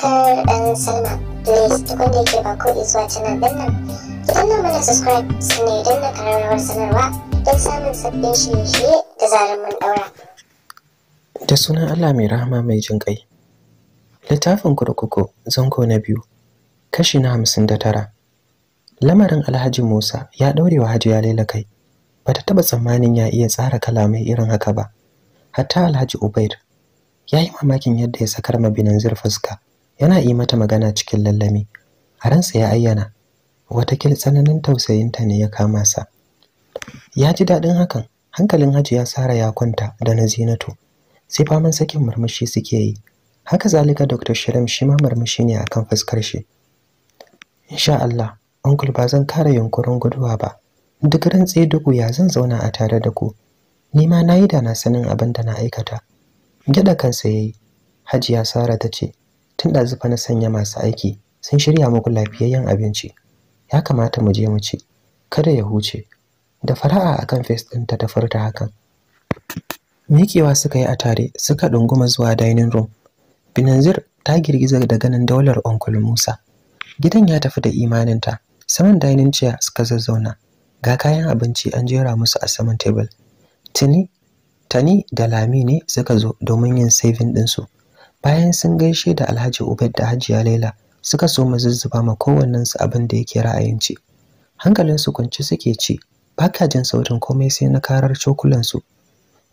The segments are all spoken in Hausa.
subscribe and sign up. Please tukun da yake ba ko zuwa canal din nan. Ki danna mana subscribe sannan idan na kararrawar sanarwa don samun sabbin shirye-shirye da zarar mun daura. Da sunan Allah mai rahama mai jin ƙai. Littafin kurkuku zango na biyu kashi na hamsin da tara. Lamarin Alhaji Musa ya wa Hajiya Laila kai. Ba ta taɓa tsammanin ya iya tsara kalamai irin haka ba. Hatta Alhaji Ubaid ya yi mamakin yadda ya sakar ma Binanzir fuska yana yi mata magana cikin lallami a ransa ya ayyana watakil tsananin tausayinta ne ya kama sa ya ji daɗin hakan hankalin hajiya sara ya kwanta da na zinatu sai faman sakin murmushi suke yi haka zalika dr Shirem shi ma murmushi ne akan fuskar shi insha Allah uncle ba zan kara yunkurin guduwa ba duk rantsi duku ya zan zauna a tare da ku ni ma nayi da na sanin abin da na aikata gida kansa yayi hajiya sara ta ce tun da na sanya masu aiki sun shirya muku lafiyayyen abinci ya kamata mu je mu ci kada ya huce da fara'a akan fes ɗinta ta furta hakan mikewa suka yi a tare suka ɗunguma zuwa dining room binanzir ta girgiza da ganin daular onkul musa gidan ya tafi da imaninta saman dining chair suka zazzauna ga kayan abinci an jera musu a saman tebul tini tani da lami ne suka zo domin yin saving ɗinsu bayan sun gaishe da alhaji ubaid da hajiya laila suka so mu zuzzuba ma su abin da yake ra'ayinci hankalin su kunci suke ci baka jin sautin komai sai na karar cokulan su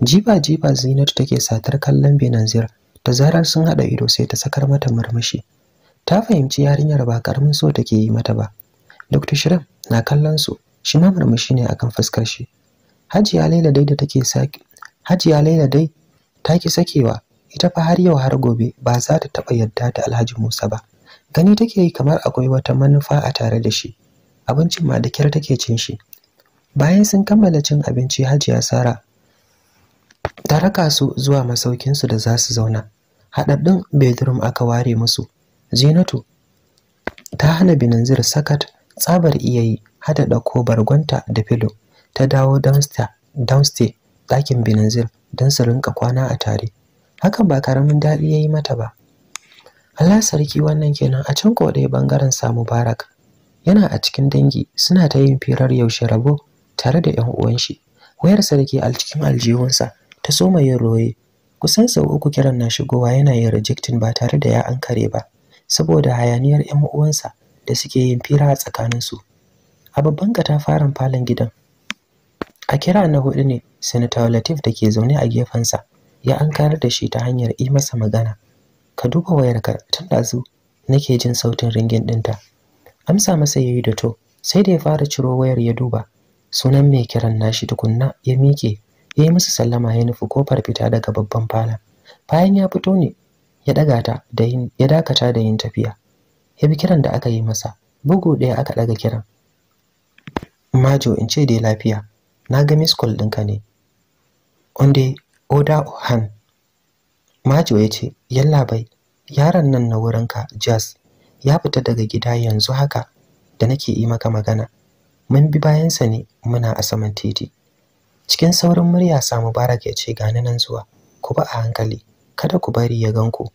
jiba jiba zinatu take satar kallon benanzir da zarar sun hada ido sai ta sakar mata murmushi ta fahimci yarinyar ba karamin so take yi mata ba dr shirin na kallon su shi ma murmushi ne akan fuskar shi hajiya laila dai da take saki hajiya laila dai ta ki sakewa ita fa har yau har gobe ba za ta taɓa yarda da Alhaji Musa ba. Gani take yi kamar akwai wata manufa a tare da shi. Abincin ma da kyar take cin shi. Bayan sun kammala cin abinci Hajiya Sara ta raka su zuwa masaukinsu da za su zauna. Haɗaɗɗun bedroom aka ware musu. Zinatu ta hana Binanzir sakat tsabar iyayi hada kobar bargonta da filo ta dawo downstairs ɗakin Binanzir don su rinka kwana a tare. hakan ba karamin daɗi ya yi mata ba Allah sarki wannan kenan a can kodai bangaren sa Mubarak yana a cikin dangi suna ta yin firar yaushe rabo tare da 'yan uwan shi wayar sarki a cikin aljihunsa ta soma yin roye kusan sau uku kiran na shigowa yana yin rejectin ba tare da ya an kare ba saboda hayaniyar 'yan uwansa da suke yin fira a tsakaninsu a babban katafaren falon gidan a kira na hudu ne senator latif da ke zaune a gefensa ya ankarar da shi ta hanyar yi masa magana ka duba wayarka tun ɗazu nake jin sautin ringin ɗinta amsa masa yayi da to sai da ya fara ciro wayar ya duba sunan mai kiran nashi tukunna ya miƙe ya yi musu sallama ya nufi kofar fita daga babban falon bayan ya fito ne ya daga ta da yin ya dakata da yin tafiya ya bi kiran da aka yi masa bugu ɗaya aka daga kiran majo in ce dai lafiya na ga miss call ɗinka ne onde oda ohan majo ya ce yallaɓai yaron nan na wurinka jazz ya fita daga gida yanzu haka da nake yi maka magana mun bi bayansa ne muna a saman titi cikin saurin murya sa mubarak ya ce gani nan zuwa ku ba a hankali kada ku bari ya ganku.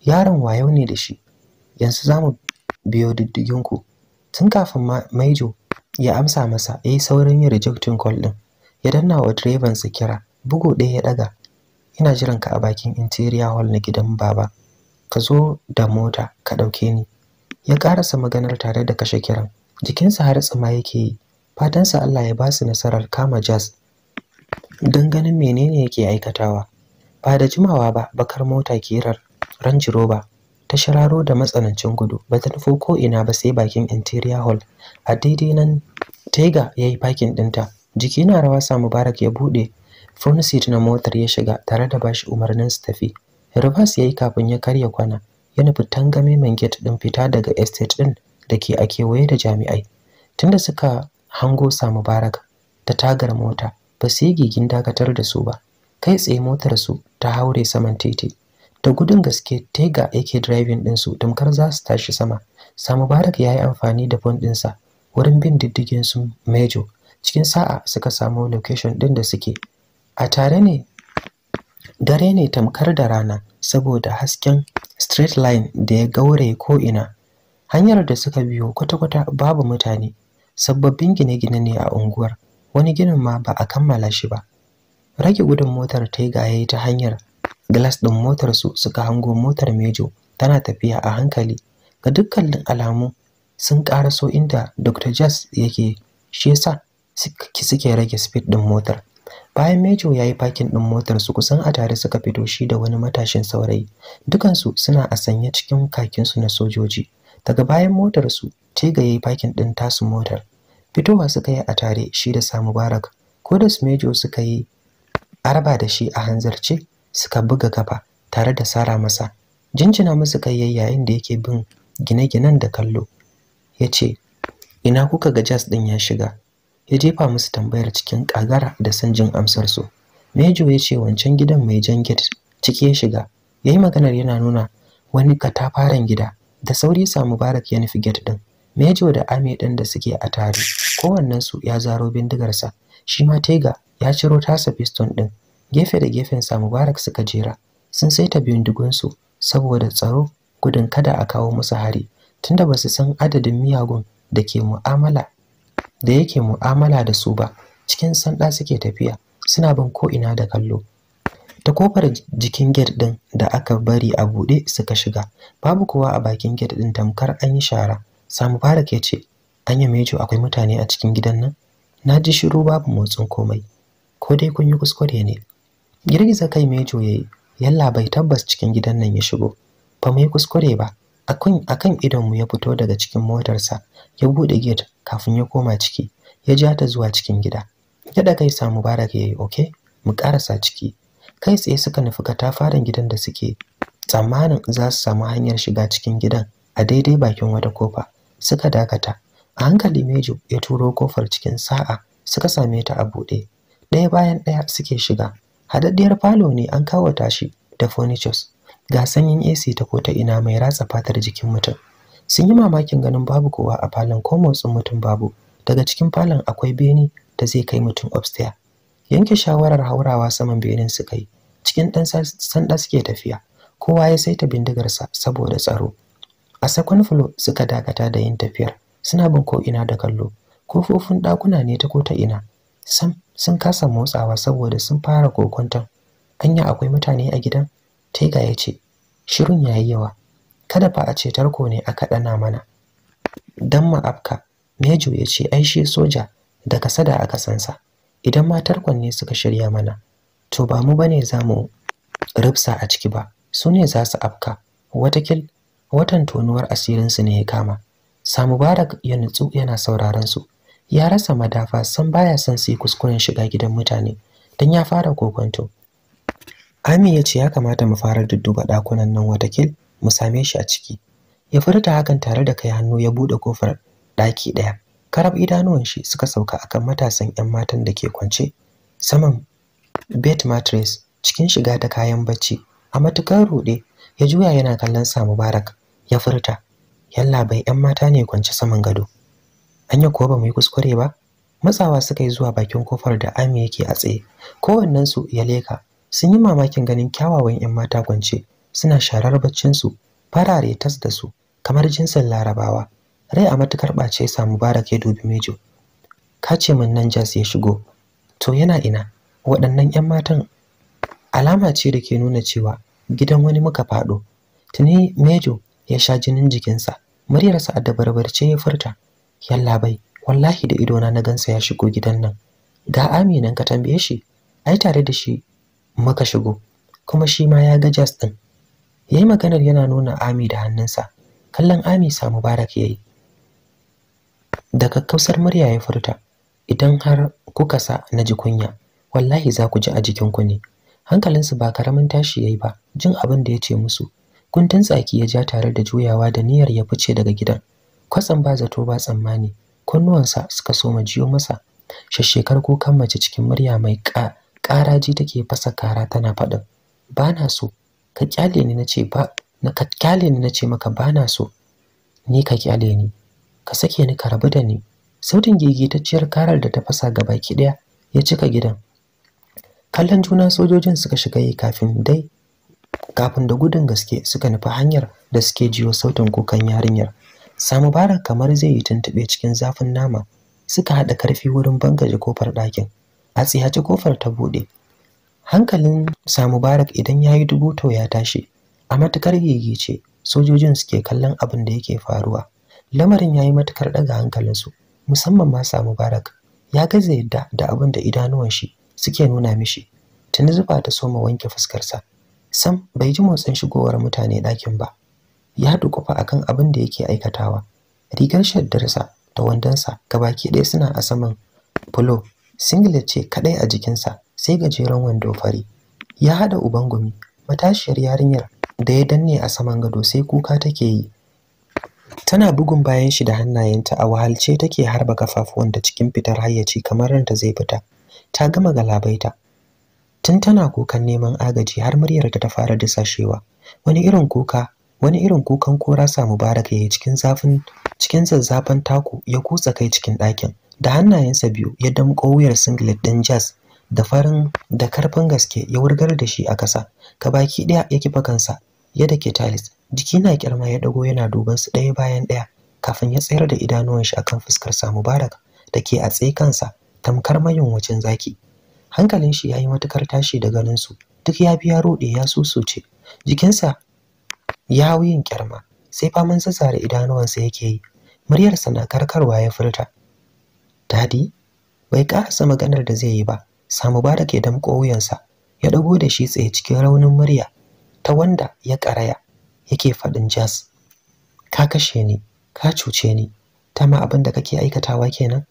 yaron wayo ne da shi yanzu za mu biyo diddigin ku tun kafin maijo ya amsa masa ya yi saurin yin rejectin call din ya danna wa direban su kira bugu ɗaya ya ɗaga ina jiran ka a bakin interior hall na gidan baba ka zo da mota ka ɗauke ni ya ƙarasa maganar tare da kashe kiran jikinsa har tsima yake yi fatansa Allah ya ba su nasarar kama jazz don ganin menene yake aikatawa ba da jimawa ba bakar mota kirar ranji roba ta shararo da matsanancin gudu ba ta nufo ko ina ba sai bakin interior hall a daidai nan tega ya yi pakin ɗinta jiki na rawa sa mubarak ya buɗe front seat na motar ya shiga tare da bashi umarnin su tafi Rivers yayi kafin ya karya kwana ya nufi tangame man gate din fita daga estate din da ke a kewaye da jami'ai tunda suka hango sa mubaraka ta tagar mota ba su yi gigin dakatar da su ba kai tsaye motar su ta haure saman titi da gudun gaske tega yake driving din su tamkar za su tashi sama sa Baraka ya yi amfani da phone ɗinsa wurin bin diddigin su mejo cikin sa'a suka samu location din da suke a tare ne dare ne tamkar da rana saboda hasken straight line da ya gaure ko'ina hanyar da suka biyo kwata-kwata babu mutane sababbin gine-gine ne a unguwar wani ginin ma ba a kammala shi ba rage gudun motar ta yi gaye ta hanyar glass ɗin motarsu suka hango motar mejo tana tafiya a hankali ga dukkanin alamu sun ƙaraso inda dr jazz yake shi yasa suke rage speed ɗin motar bayan mejo ya yi fakin ɗin motar su kusan a tare suka fito shi da wani matashin saurayi dukansu suna a sanye cikin kakinsu na sojoji daga bayan motar su tega ya yi fakin ɗin tasu motar fitowa suka yi a tare shi da sa mubarak ko da su mejo suka yi arba da shi a hanzarce suka buga gaba tare da sara masa jinjina musu kai yayin da yake bin gine-ginen da kallo ya ce ina kuka ga jazz ɗin ya shiga ya jefa musu tambayar cikin kagara da son jin amsar su mejo ya ce wancan gidan mai jan gate ciki ya shiga ya yi maganar yana nuna wani katafaren gida da sauri sa mubarak ya nufi gate din mejo da ame ɗin da suke a tare kowannensu ya zaro bindigarsa shi ma tega ya ciro tasa piston ɗin. gefe da gefen sa mubarak suka jera sun saita bindigunsu saboda tsaro gudun kada a kawo musu hari tunda ba su san adadin miyagun da ke mu'amala da yake mu'amala da su ba cikin sanda suke tafiya suna bin ko'ina da kallo ta kofar jikin gate din da aka bari a buɗe suka shiga babu kowa a bakin gate din tamkar an yi shara samu fara ke ce an yi mejo akwai mutane a cikin gidan nan na ji shiru babu motsin komai ko dai kun yi kuskure ne girgiza kai mejo yayi yalla bai tabbas cikin gidan nan ya shigo ba mu yi kuskure ba akan idonmu ya fito daga cikin motarsa ya buɗe gate kafin ya koma ciki ya ja ta zuwa cikin gida ya da kai sa mubarak yayi okay mu karasa ciki kai tsaye suka nufi katafaren gidan da suke tsammanin za su samu hanyar shiga cikin gidan a daidai bakin wata kofa suka dakata a hankali mejo ya turo kofar cikin sa'a suka same ta a buɗe ɗaya bayan ɗaya suke shiga hadaddiyar falo ne an kawo tashi da furnitures ga sanyin AC ta kota ina mai ratsa fatar jikin mutum sun yi mamakin ganin babu kowa a falon ko motsin mutum babu daga cikin falon akwai beni da zai kai mutum upstairs yanke shawarar haurawa saman benin su kai. cikin ɗan sanda suke tafiya kowa ya saita bindigarsa saboda tsaro a sakon fulo suka dakata da yin tafiyar suna bin ko ina da kallo kofofin ɗakuna ne ta kota ina sam sun kasa motsawa saboda sun fara kokonton anya akwai mutane a gidan taiga ya ce shirin ya yi yawa kada fa a ce tarko ne aka ɗana mana Don ma'afka mejo ya ce ai shi soja da da aka sansa idan ma tarkon ne suka shirya mana to ba mu ne za mu rufsa a ciki ba su ne za su afka watakil watan tonuwar asirinsu ne ya kama sa Barak ya nutsu yana sauraron su ya rasa madafa san baya son su yi kuskuren shiga gidan mutane don ya fara kokonto Ami ya ce ya kamata mu fara dudduba ɗakunan nan watakil mu same shi a ciki. Ya furta hakan tare da kai hannu ya buɗe kofar ɗaki ɗaya. Karab idanuwan shi suka sauka akan matasan 'yan matan da ke kwance saman bed mattress cikin shiga da kayan bacci. A matukar ruɗe ya juya yana kallon sa Mubarak ya furta. Yalla bai 'yan mata ne kwance saman gado. Anya kuwa ba mu yi kuskure ba? Matsawa suka yi zuwa bakin kofar da Ami yake a tsaye. Kowannensu ya leka sun yi mamakin ganin kyawawan 'yan mata kwance suna sharar baccinsu farare tas da su kamar jinsin larabawa rai a matukar ɓace samu barak ya dubi mejo ka ce min nan jas ya shigo to yana ina waɗannan 'yan matan alama ce da ke nuna cewa gidan wani muka faɗo tuni mejo ya sha jinin jikinsa muryarsa a dabarbarce ya furta yalla bai wallahi da idona na gansa ya shigo gidan nan ga aminan ka tambaye shi ai tare da shi maka shigo kuma shi ma ya ga jas ɗin yayi maganar yana nuna ami da hannunsa kallon ami sa mubarak yayi da kakkausar murya ya furta idan har kuka sa na ji kunya wallahi za ku ji a jikinku ne hankalinsu ba karamin tashi yayi ba jin abin da ya ce musu kuntun tsaki ya ja tare da juyawa da niyyar ya fice daga gidan kwatsan ba zato ba tsammani kunnuwansa suka soma jiyo masa shashshekar kukan mace cikin murya mai ka ƙaraji take fasa kara tana faɗin ba na so ka kyale ni na ce ba na ka kyale ni na maka ba na so ni ka kyale ni ka sake ni ka rabu da ni sautin gigitacciyar karar da ta fasa ga baki ɗaya ya cika gidan kallon juna sojojin suka shiga yi kafin dai kafin da gudun gaske suka nufi hanyar da suke jiyo sautin kukan yarinyar samu bara kamar zai yi tuntuɓe cikin zafin nama suka haɗa karfi wurin bangaje kofar ɗakin a tsiyaci kofar ta buɗe hankalin sa mubarak idan ya yi dubu to ya tashi a matukar gigice sojojin suke kallon abin da yake faruwa lamarin ya yi matukar ɗaga hankalinsu musamman ma sa mubarak ya gaza yadda da abin da idanuwan shi suke nuna mishi tuni zuba ta soma wanke fuskarsa sam bai ji motsin shigowar mutane ɗakin ba ya dukufa akan abin da yake aikatawa rigar shaddarsa da wandonsa gabaki ɗaya suna a saman fulo singlet ce kadai a jikinsa sai gajeren wando fari ya hada uban gumi matashiyar yarinyar da ya danne a saman gado sai kuka take yi tana bugun bayan shi da hannayenta a wahalce take harba kafafuwan da cikin fitar hayyaci kamar ranta zai fita ta gama galabaita tun tana kukan neman agaji har muryar ta fara disashewa wani irin kuka wani irin kukan kora sa mubarak yayi cikin zafin cikin zazzafan taku ya kutsa kai cikin ɗakin da hannayensa biyu ya damƙo wuyar singlet ɗin jazz da farin da karfin gaske ya wurgar da shi a ƙasa ka baki ɗaya ya kifa kansa ya dake talis jiki na kirma ya dago yana duban su ɗaya bayan ɗaya kafin ya tsayar da idanuwan shi akan fuskar sa mubarak da ke a tsaye kansa tamkar mayin wucin zaki hankalin shi ya yi matukar tashi da ganin su duk ya biya ruɗe ya susuce jikinsa ya wuyin kirma sai faman sassare idanuwansa yake yi muryarsa na karkarwa ya furta dadi bai ƙarasa maganar da zai yi ba ba da ke damƙo wuyansa ya ɗago da shi tsaye cikin raunin murya ta wanda ya karaya yake faɗin jas ka kashe ni ka cuce ni ta ma abin da kake aikatawa kenan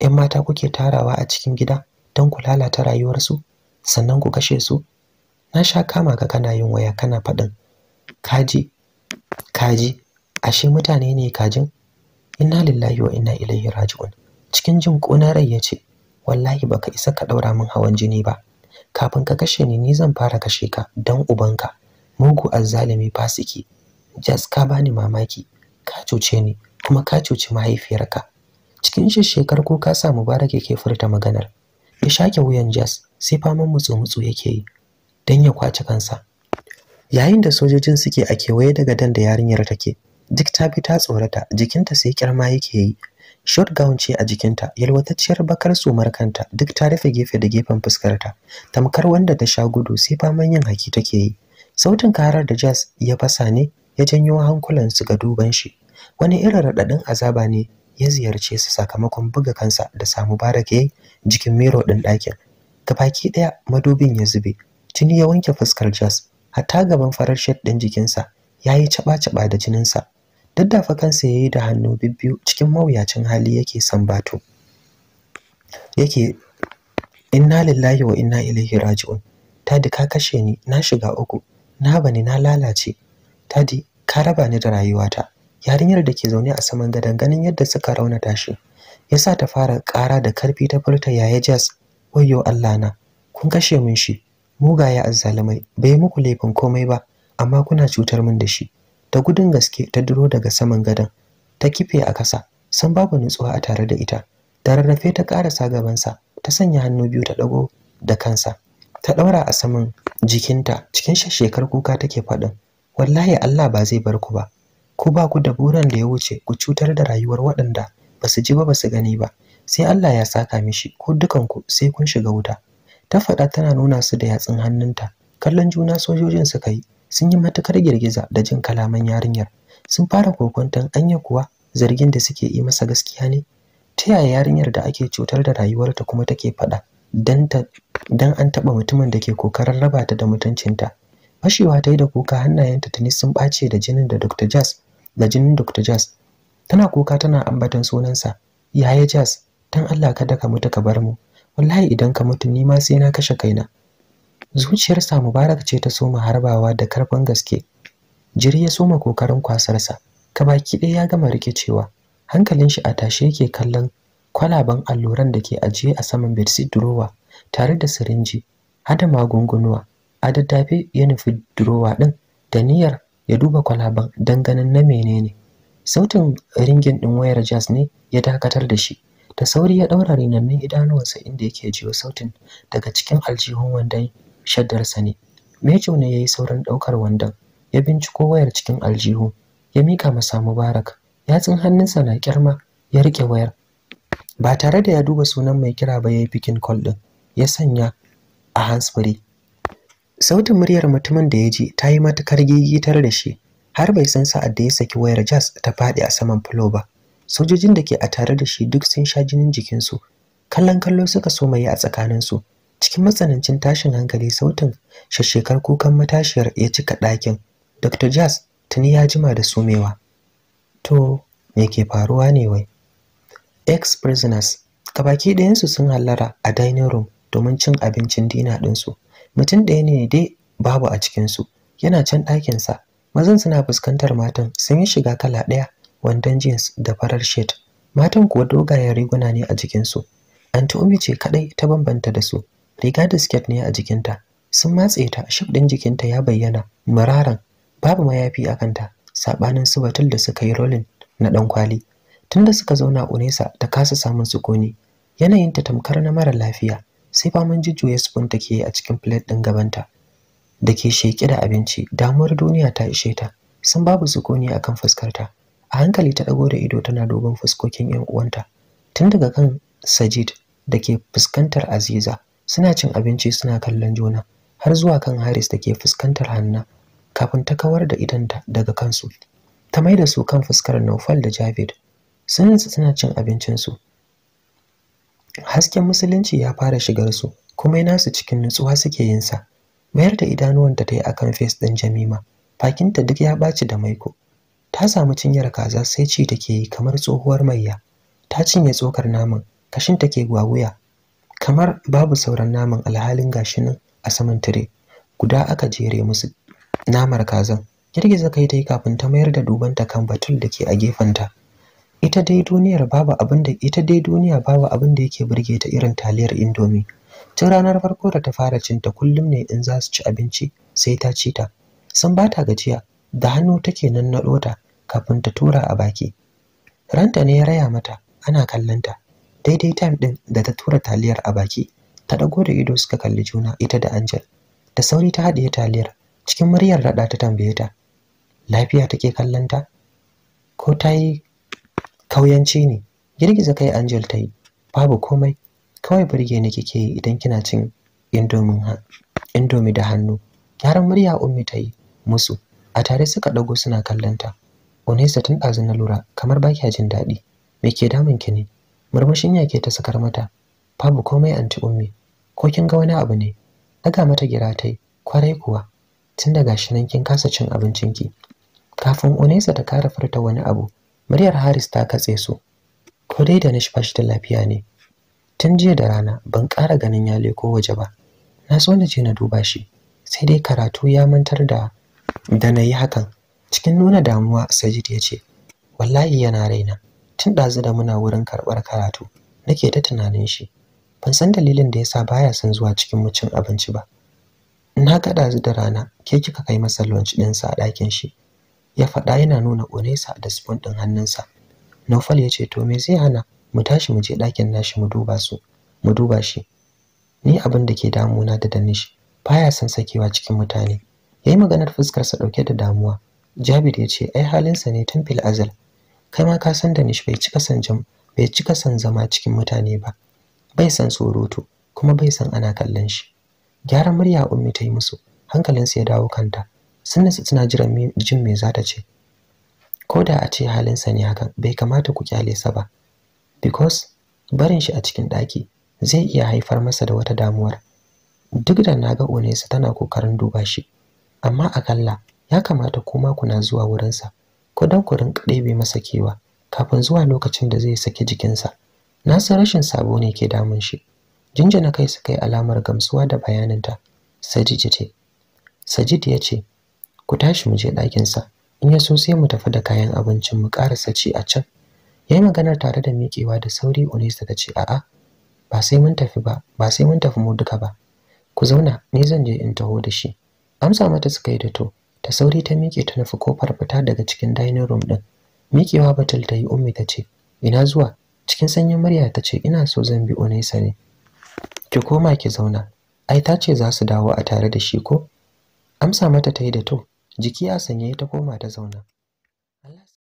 ‘yan mata kuke tarawa a cikin gida don ku lalata rayuwarsu sannan ku kashe su na sha kama ka kana yin waya kana faɗin kaji kaji ashe mutane ne kajin inna lillahi wa inna ilaihi raji'un cikin jin ƙunar rai ya ce wallahi baka isa ka ɗaura min hawan jini ba kafin ka kashe ni ni zan fara kashe ka don ubanka mugu azzalimi fasiki jas ka bani mamaki ka cuce ni kuma ka cuci mahaifiyarka cikin shekar ko ka sa mubarak ke furta maganar ya shake wuyan jas sai faman mutsu mutsu yake yi Dan ya kwace kansa yayin da sojojin suke a kewaye daga dan da yarinyar take duk ta fi ta tsorata jikinta sai kirma yake yi short gown ce a jikinta yalwatacciyar bakar sumar kanta duk ta rufe gefe da gefen fuskarta tamkar wanda ta sha gudu sai faman yin haki take yi sautin karar da jazz ya fasa ne ya janyo hankulan su ga duban shi wani irin raɗaɗin azaba ne ya ziyarce su sakamakon buga kansa da samu baraka yayi jikin miro ɗin ɗakin baki ɗaya madubin ya zube tuni ya wanke fuskar jazz hatta gaban farar shed ɗin jikinsa yayi yi caɓa-caɓa da jininsa daddafa kansa yi da hannu bibbiyu cikin mawuyacin hali yake sambato yake inna lillahi wa inna ilaihi raji'un tadi ka kashe ni na shiga uku na bani na lalace tadi ka raba ni da rayuwata yarinyar da ke zaune a saman gadon ganin yadda suka raunata shi yasa ta fara ƙara da karfi ta furta yaya jas wayo Allah na kun kashe mun shi mugaye azzalumai bai muku laifin komai ba amma kuna cutar min da shi da gudun gaske ta duro daga saman gadon ta kife a kasa san babu nutsuwa a tare da ita Ta rarrafe ta karasa gabansa ta sanya hannu biyu ta dago da kansa ta ɗaura a saman jikinta cikin shashekar kuka take faɗin wallahi Allah ba zai bar ku ba ku ba ku da buran da ya wuce ku cutar da rayuwar waɗanda ba su ji ba ba su gani ba sai Allah ya saka mishi ko dukanku sai kun shiga wuta ta faɗa tana nuna su da yatsun hannunta kallon juna sojojin suka yi sun yi matukar girgiza da jin kalaman yarinyar sun fara kokonton anya kuwa zargin da suke yi masa gaskiya ne ta yaya yarinyar da ake cutar da rayuwarta kuma take faɗa dan an taɓa mutumin da ke kokarin raba ta da mutuncinta fashewa ta yi da kuka hannayenta tuni sun ɓace da jinin da dr jazz da jinin dr jazz tana kuka tana ambaton sunansa yaya jazz dan allah kada ka mutu ka bar mu wallahi idan ka mutu ni ma sai na kashe kaina zuciyarsa mubarak ce ta soma harbawa da karfin gaske jiri ya soma kokarin kwasarsa baki ɗaya ya gama rikicewa hankalin shi a tashe yake kallon kwalaban alluran da ke ajiye a saman bedsheet durowa tare da sirinji hada magungunuwa a daddafe ya nufi durowa ɗin da niyyar ya duba kwalaban don ganin na menene sautin ringin ɗin wayar jazz ne ya dakatar da shi da sauri ya ɗaura rinannun idanuwansa inda yake jiyo sautin daga cikin aljihun wandai shaddarsa ne mejo ne ya yi saurin ɗaukar wandon ya binciko wayar cikin aljihu ya mika masa mubarak ya tsin hannunsa na kyarma ya riƙe wayar ba tare da ya duba sunan mai kira ba ya yi bikin kol ɗin ya sanya a hansfuri. sautin muryar mutumin da ya ji ta yi matuƙar gigitar da shi har bai san sa'ad da ya saki wayar jazz ta faɗi a saman fulo ba sojojin da ke a tare da shi duk sun sha jinin jikinsu kallon kallo suka so mai a tsakaninsu cikin matsanancin tashin hankali sautin shashekar kukan matashiyar ya cika ɗakin dr jazz tuni ya jima da sumewa to me ke faruwa ne wai ex prisoners kabaki ɗayansu sun hallara a dining room domin cin abincin dina ɗinsu mutum ɗaya ne dai babu a cikinsu yana can ɗakinsa mazan suna fuskantar matan sun yi shiga kala ɗaya wandon jeans da farar shirt matan kuwa dogayen riguna ne a jikinsu an umi ce kaɗai ta bambanta da su riga da siket ne a jikinta sun matse ta shif ɗin jikinta ya bayyana mararan babu mayafi a kanta saɓanin su batul da suka yi rolling na dan kwali tunda suka zauna unesa ta kasa samun sukuni ta tamkar na mara lafiya sai faman jujjuya spoon take yi a cikin plate din gabanta da ke sheki da abinci damuwar duniya ta ishe ta sun babu sukuni akan fuskarta a hankali ta ɗago da ido tana dogon fuskokin 'yan uwanta tun daga kan sajid da ke fuskantar aziza suna cin abinci suna kallon juna har zuwa kan Haris da ke fuskantar Hanna kafin ta kawar da idanta daga kansu ta maida su kan fuskar Nawfal da Javid sun suna cin abincin su hasken musulunci ya fara shigar su kuma yana su cikin nutsuwa suke yin sa mayar da idanuwanta ta yi akan face din Jamima bakinta duk ya ɓaci da maiko ta samu cinyar kaza sai ci take yi kamar tsohuwar mayya ta cinye tsokar naman kashin take gwaguya kamar babu sauran naman alhalin gashi a saman tire guda aka jere musu namar kazan girgiza kai ta yi kafin ta mayar da duban ta kan batul da ke a gefenta ita dai duniyar babu abin da ita dai duniya babu abin da yake burge ta irin taliyar indomi. tun ranar farko da ta fara cin ta kullum ne in za su ci abinci sai ta ci ta san ba ta gajiya da hannu take nan na ta kafin ta tura a baki ranta ne ya raya mata ana kallonta daidai time ɗin da ta tura taliyar a baki ta ɗago da ido suka kalli juna ita da Angel da sauri ta haɗiye taliyar cikin muryar raɗa ta tambaye ta lafiya take kallon ta ko ta yi kauyanci ne girgiza kai Angel ta yi babu komai kawai burge ni kike yi idan kina cin indomin ha indomi da hannu gyaran murya ummi ta yi musu a tare suka ɗago suna kallon ta Onesa tun ɗazu na lura kamar ba jin daɗi me ke damun ki ne murmushin yake ta sakar mata babu komai anti ummi ko kin ga wani abu ne daga mata giratai kwarai kuwa tun daga shi nan kin kasa cin abincin ki. kafin Onesa ta kara furta wani abu muryar Haris ta katse su ko dai da nishi bashi da lafiya ne tun jiya da rana ban kara ganin ya ko waje ba na so na je na duba shi sai dai karatu ya mantar da da na yi hakan cikin nuna damuwa Sajid ya ce wallahi yana raina tun ɗazu da muna wurin karɓar karatu nake ta tunanin shi ban san dalilin da yasa baya son zuwa cikin mu cin abinci ba na ga ɗazu da rana ke kika kai masa lunch sa a ɗakin shi ya faɗa yana nuna sa da spoon ɗin hannunsa Naufal ya ce to me zai hana mu tashi mu je ɗakin nashi mu duba su mu duba shi ni abin da ke na da danish baya son sakewa cikin mutane yayi maganar fuskarsa ɗauke da damuwa Jabir ya ce ai halinsa ne tun fil azal kai ma ka san Danish bai cika san jam bai cika san zama cikin mutane ba bai san surutu kuma bai san ana kallon shi gyaran murya ummi ta yi musu hankalinsu ya dawo kanta sun nasu suna jiran jin me za ta ce ko da a ce halinsa ne hakan bai kamata ku kyale sa ba because barin shi a cikin ɗaki zai iya haifar masa da wata damuwar duk da na ga onesa tana kokarin duba shi amma akalla ya kamata kuma kuna zuwa wurinsa ku dan ku rinka ɗebe masa kewa kafin zuwa lokacin da zai saki jikinsa na san rashin sabo ne ke damun shi Jinja na kai su kai alamar gamsuwa da bayaninta sajid ce sajid ya ce ku tashi mu je ɗakinsa in ya so sai mu tafi da kayan abincin mu ƙara saci a can ya yi maganar tare da miƙewa da sauri unisa ta ce a'a ba sai mun tafi ba ba sai mun tafi mu duka ba ku zauna ni zan je in taho da shi amsa mata suka yi da to da sauri ta miƙe ta nufi kofar fita daga cikin dining room din miƙewa batul ta yi ummi ta ce ina zuwa cikin sanyin murya ta ce ina so zan bi Onesa ne ki koma ki zauna ai ta ce za su dawo a tare da shi ko amsa mata ta yi da to jiki a sanye ta koma ta zauna